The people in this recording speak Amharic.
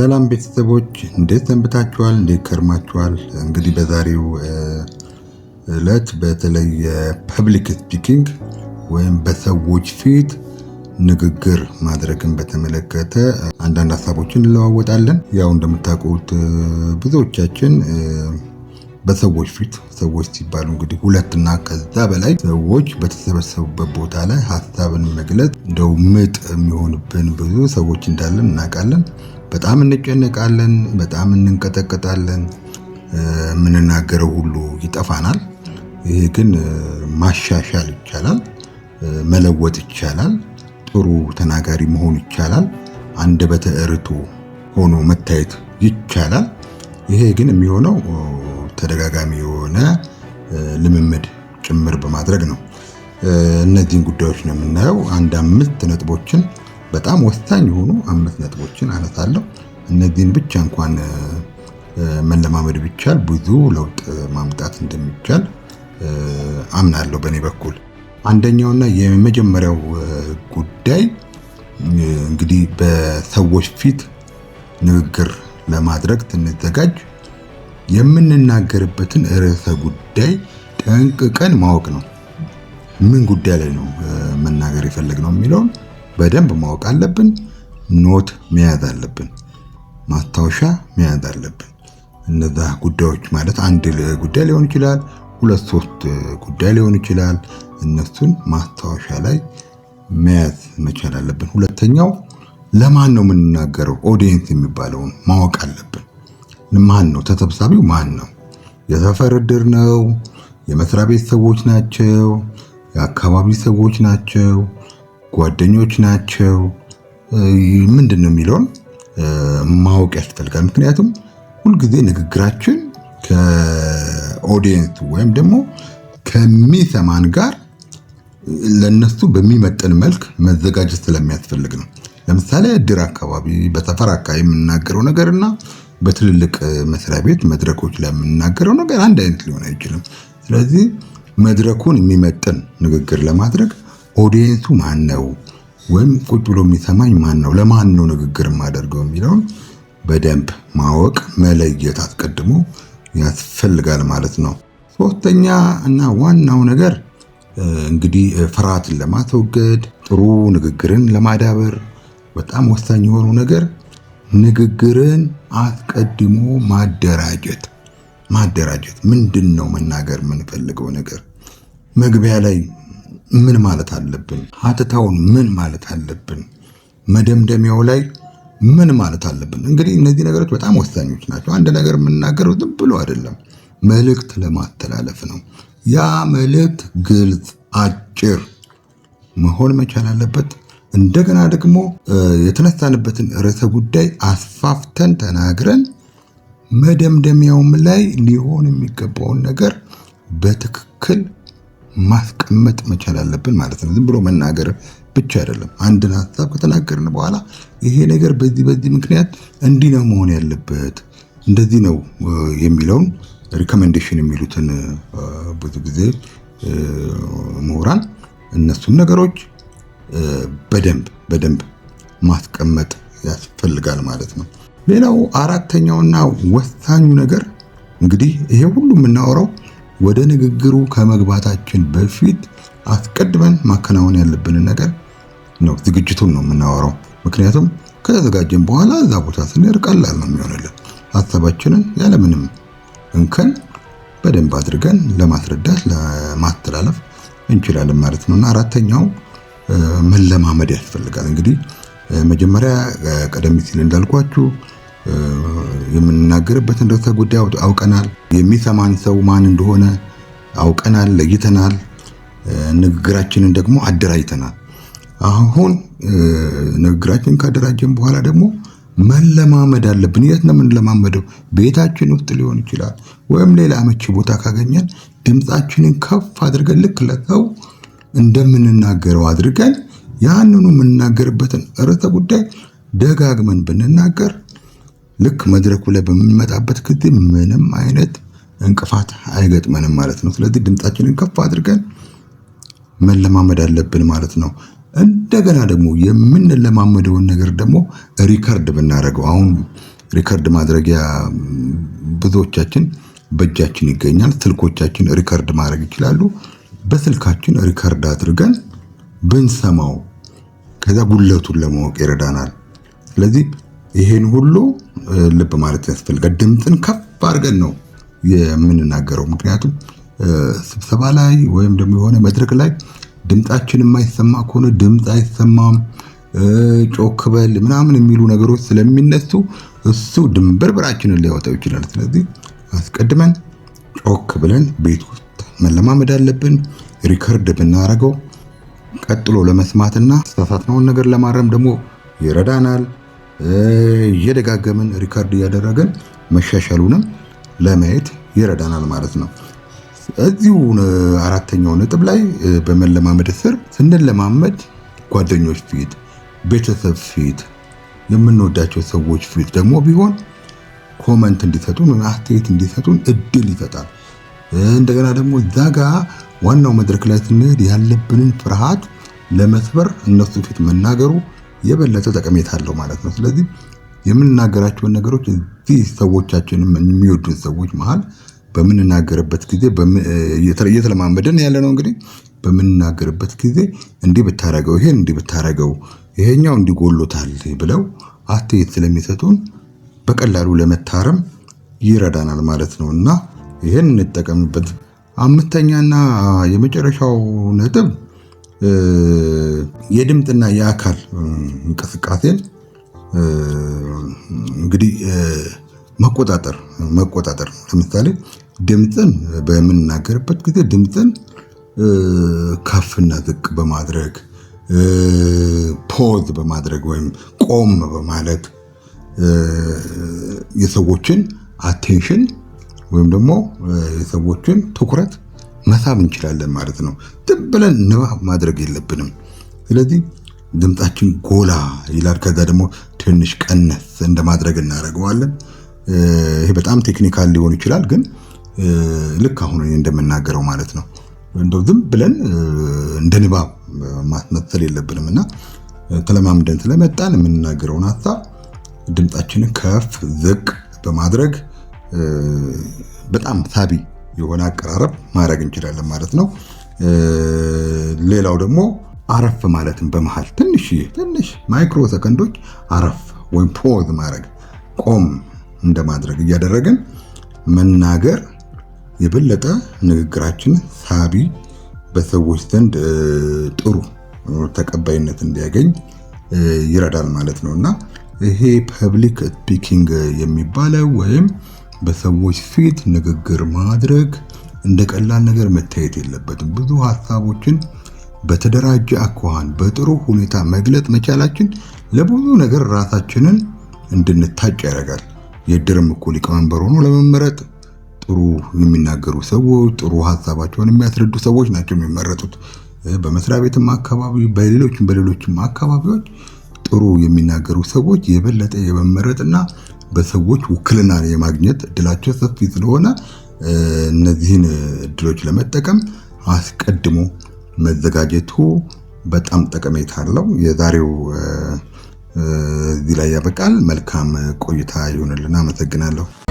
ሰላም ቤተሰቦች እንዴት ሰንብታችኋል? እንዴት ከርማችኋል? እንግዲህ በዛሬው እለት በተለይ ፐብሊክ ስፒኪንግ ወይም በሰዎች ፊት ንግግር ማድረግን በተመለከተ አንዳንድ ሀሳቦችን እንለዋወጣለን። ያው እንደምታውቁት ብዙዎቻችን በሰዎች ፊት ሰዎች ሲባሉ እንግዲህ ሁለትና ከዛ በላይ ሰዎች በተሰበሰቡበት ቦታ ላይ ሀሳብን መግለጽ እንደው ምጥ የሚሆንብን ብዙ ሰዎች እንዳለን እናውቃለን። በጣም እንጨነቃለን፣ በጣም እንንቀጠቀጣለን፣ የምንናገረው ሁሉ ይጠፋናል። ይሄ ግን ማሻሻል ይቻላል፣ መለወጥ ይቻላል፣ ጥሩ ተናጋሪ መሆን ይቻላል፣ አንደበተ ርቱዕ ሆኖ መታየት ይቻላል። ይሄ ግን የሚሆነው ተደጋጋሚ የሆነ ልምምድ ጭምር በማድረግ ነው። እነዚህን ጉዳዮች ነው የምናየው። አንድ አምስት ነጥቦችን በጣም ወሳኝ የሆኑ አምስት ነጥቦችን አነሳለሁ። እነዚህን ብቻ እንኳን መለማመድ ቢቻል ብዙ ለውጥ ማምጣት እንደሚቻል አምናለሁ በእኔ በኩል። አንደኛውና የመጀመሪያው ጉዳይ እንግዲህ በሰዎች ፊት ንግግር ለማድረግ ስንዘጋጅ የምንናገርበትን ርዕሰ ጉዳይ ጠንቅቀን ማወቅ ነው። ምን ጉዳይ ላይ ነው መናገር የፈለግነው የሚለውን በደንብ ማወቅ አለብን። ኖት መያዝ አለብን። ማስታወሻ መያዝ አለብን። እነዛ ጉዳዮች ማለት አንድ ጉዳይ ሊሆን ይችላል፣ ሁለት ሶስት ጉዳይ ሊሆን ይችላል። እነሱን ማስታወሻ ላይ መያዝ መቻል አለብን። ሁለተኛው ለማን ነው የምንናገረው ኦዲየንስ የሚባለውን ማወቅ አለብን። ማን ነው ተሰብሳቢው? ማን ነው? የሰፈር እድር ነው? የመስሪያ ቤት ሰዎች ናቸው? የአካባቢ ሰዎች ናቸው? ጓደኞች ናቸው? ምንድን ነው የሚለውን ማወቅ ያስፈልጋል። ምክንያቱም ሁልጊዜ ንግግራችን ከኦዲየንስ ወይም ደግሞ ከሚሰማን ጋር ለነሱ በሚመጥን መልክ መዘጋጀት ስለሚያስፈልግ ነው። ለምሳሌ እድር አካባቢ በሰፈር አካባቢ የምናገረው ነገርና በትልልቅ መስሪያ ቤት መድረኮች ላይ የምናገረው ነገር አንድ አይነት ሊሆን አይችልም። ስለዚህ መድረኩን የሚመጥን ንግግር ለማድረግ ኦዲየንሱ ማን ነው ወይም ቁጭ ብሎ የሚሰማኝ ማን ነው፣ ለማን ነው ንግግር የማደርገው የሚለውን በደንብ ማወቅ መለየት አስቀድሞ ያስፈልጋል ማለት ነው። ሶስተኛ እና ዋናው ነገር እንግዲህ ፍርሃትን ለማስወገድ ጥሩ ንግግርን ለማዳበር በጣም ወሳኝ የሆነው ነገር ንግግርን አስቀድሞ ማደራጀት ማደራጀት ምንድን ነው? መናገር የምንፈልገው ነገር መግቢያ ላይ ምን ማለት አለብን? ሀተታውን ምን ማለት አለብን? መደምደሚያው ላይ ምን ማለት አለብን? እንግዲህ እነዚህ ነገሮች በጣም ወሳኞች ናቸው። አንድ ነገር የምናገረው ዝም ብሎ አይደለም፣ መልእክት ለማስተላለፍ ነው። ያ መልእክት ግልጽ፣ አጭር መሆን መቻል አለበት። እንደገና ደግሞ የተነሳንበትን ርዕሰ ጉዳይ አስፋፍተን ተናግረን መደምደሚያውም ላይ ሊሆን የሚገባውን ነገር በትክክል ማስቀመጥ መቻል አለብን ማለት ነው። ዝም ብሎ መናገር ብቻ አይደለም። አንድን ሀሳብ ከተናገርን በኋላ ይሄ ነገር በዚህ በዚህ ምክንያት እንዲህ ነው መሆን ያለበት እንደዚህ ነው የሚለውን ሪኮመንዴሽን የሚሉትን ብዙ ጊዜ ምሁራን እነሱን ነገሮች በደንብ በደንብ ማስቀመጥ ያስፈልጋል ማለት ነው። ሌላው አራተኛውና ወሳኙ ነገር እንግዲህ ይሄ ሁሉ የምናወራው ወደ ንግግሩ ከመግባታችን በፊት አስቀድመን ማከናወን ያለብንን ነገር ነው፣ ዝግጅቱን ነው የምናወራው። ምክንያቱም ከተዘጋጀን በኋላ እዛ ቦታ ስንሄድ ቀላል ነው የሚሆንልን። ሀሳባችንን ያለምንም እንከን በደንብ አድርገን ለማስረዳት ለማስተላለፍ እንችላለን ማለት ነው እና አራተኛው መለማመድ ያስፈልጋል። እንግዲህ መጀመሪያ ቀደም ሲል እንዳልኳችሁ የምንናገርበትን ርዕሰ ጉዳይ አውቀናል። የሚሰማን ሰው ማን እንደሆነ አውቀናል፣ ለይተናል። ንግግራችንን ደግሞ አደራጅተናል። አሁን ንግግራችንን ካደራጀን በኋላ ደግሞ መለማመድ አለብን። የት ነው የምንለማመደው? ቤታችን ውስጥ ሊሆን ይችላል፣ ወይም ሌላ አመቺ ቦታ ካገኘን ድምፃችንን ከፍ አድርገን ልክ ለሰው እንደምንናገረው አድርገን ያንኑ የምንናገርበትን ርዕሰ ጉዳይ ደጋግመን ብንናገር ልክ መድረኩ ላይ በምንመጣበት ጊዜ ምንም አይነት እንቅፋት አይገጥመንም ማለት ነው። ስለዚህ ድምጻችንን ከፍ አድርገን መለማመድ አለብን ማለት ነው። እንደገና ደግሞ የምንለማመደውን ነገር ደግሞ ሪከርድ ብናደርገው አሁን ሪከርድ ማድረጊያ ብዙዎቻችን በእጃችን ይገኛል። ስልኮቻችን ሪከርድ ማድረግ ይችላሉ። በስልካችን ሪከርድ አድርገን ብንሰማው ከዛ ጉለቱን ለማወቅ ይረዳናል። ስለዚህ ይሄን ሁሉ ልብ ማለት ያስፈልጋል። ድምፅን ከፍ አድርገን ነው የምንናገረው። ምክንያቱም ስብሰባ ላይ ወይም ደግሞ የሆነ መድረክ ላይ ድምፃችን የማይሰማ ከሆነ ድምፅ አይሰማም፣ ጮክ በል ምናምን የሚሉ ነገሮች ስለሚነሱ እሱ ድንብርብራችንን ሊያወጣው ይችላል። ስለዚህ አስቀድመን ጮክ ብለን ቤት ውስጥ መለማመድ አለብን። ሪከርድ ብናረገው ቀጥሎ ለመስማትና ተሳሳትነውን ነገር ለማረም ደግሞ ይረዳናል። እየደጋገምን ሪከርድ እያደረገን መሻሻሉንም ለማየት ይረዳናል ማለት ነው። እዚሁ አራተኛው ነጥብ ላይ በመለማመድ ስር ስንለማመድ ጓደኞች ፊት፣ ቤተሰብ ፊት፣ የምንወዳቸው ሰዎች ፊት ደግሞ ቢሆን ኮመንት እንዲሰጡን አስተያየት እንዲሰጡን እድል ይሰጣል። እንደገና ደግሞ እዛ ጋ ዋናው መድረክ ላይ ስንሄድ ያለብንን ፍርሃት ለመስበር እነሱ ፊት መናገሩ የበለጠ ጠቀሜታ አለው ማለት ነው። ስለዚህ የምንናገራቸውን ነገሮች እዚህ ሰዎቻችን የሚወዱን ሰዎች መሃል በምንናገርበት ጊዜ እየተለማመደን ያለ ነው እንግዲህ በምንናገርበት ጊዜ እንዲህ ብታረገው፣ ይሄን እንዲህ ብታረገው፣ ይሄኛው እንዲጎሎታል ብለው አስተያየት ስለሚሰጡን በቀላሉ ለመታረም ይረዳናል ማለት ነው እና ይህን እንጠቀምበት። አምስተኛና የመጨረሻው ነጥብ የድምፅና የአካል እንቅስቃሴን እንግዲህ መቆጣጠር መቆጣጠር ለምሳሌ ድምፅን በምንናገርበት ጊዜ ድምፅን ከፍና ዝቅ በማድረግ ፖዝ በማድረግ ወይም ቆም በማለት የሰዎችን አቴንሽን ወይም ደግሞ የሰዎችን ትኩረት መሳብ እንችላለን ማለት ነው። ዝም ብለን ንባብ ማድረግ የለብንም። ስለዚህ ድምፃችን ጎላ ይላል። ከዛ ደግሞ ትንሽ ቀነስ እንደማድረግ እናደርገዋለን። ይሄ በጣም ቴክኒካል ሊሆን ይችላል፣ ግን ልክ አሁን እንደምናገረው ማለት ነው። እንደው ዝም ብለን እንደ ንባብ ማስመሰል የለብንም እና ተለማምደን ስለመጣን የምንናገረውን ሀሳብ ድምፃችንን ከፍ ዝቅ በማድረግ በጣም ሳቢ የሆነ አቀራረብ ማድረግ እንችላለን ማለት ነው። ሌላው ደግሞ አረፍ ማለትም በመሀል ትንሽ ትንሽ ማይክሮ ሰከንዶች አረፍ ወይም ፖዝ ማድረግ ቆም እንደማድረግ እያደረግን መናገር የበለጠ ንግግራችን ሳቢ፣ በሰዎች ዘንድ ጥሩ ተቀባይነት እንዲያገኝ ይረዳል ማለት ነው እና ይሄ ፐብሊክ ስፒኪንግ የሚባለው ወይም በሰዎች ፊት ንግግር ማድረግ እንደ ቀላል ነገር መታየት የለበትም። ብዙ ሀሳቦችን በተደራጀ አኳኋን በጥሩ ሁኔታ መግለጥ መቻላችን ለብዙ ነገር ራሳችንን እንድንታጭ ያደርጋል። የድርም እኮ ሊቀመንበር ሆኖ ለመመረጥ ጥሩ የሚናገሩ ሰዎች፣ ጥሩ ሀሳባቸውን የሚያስረዱ ሰዎች ናቸው የሚመረጡት። በመስሪያ ቤትም አካባቢ፣ በሌሎችም በሌሎችም አካባቢዎች ጥሩ የሚናገሩ ሰዎች የበለጠ የመመረጥና በሰዎች ውክልና የማግኘት እድላቸው ሰፊ ስለሆነ እነዚህን እድሎች ለመጠቀም አስቀድሞ መዘጋጀቱ በጣም ጠቀሜታ አለው። የዛሬው እዚህ ላይ ያበቃል። መልካም ቆይታ ይሆንልን። አመሰግናለሁ።